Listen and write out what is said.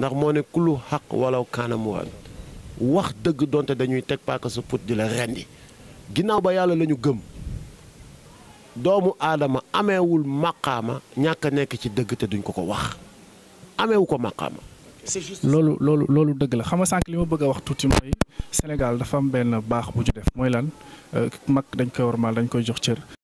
ndax moo ne kulu xaq walaw kaanamuwan wax dëgg donte dañuy teg paaka sa put di la rendi ginnaaw ba yàlla la ñu gëm doomu aadama ameewul màqaama ñàkk a nekk ci dëgg te duñ ko ko wax ameewu ko màqaama loolu loolu loolu dëgg la xam nga sànq li ma bëgg a wax tuuti mooy Sénégal dafa am benn baax bu ñu def mooy lan euh, mag dañ koy war warmaal dañ koy jox cër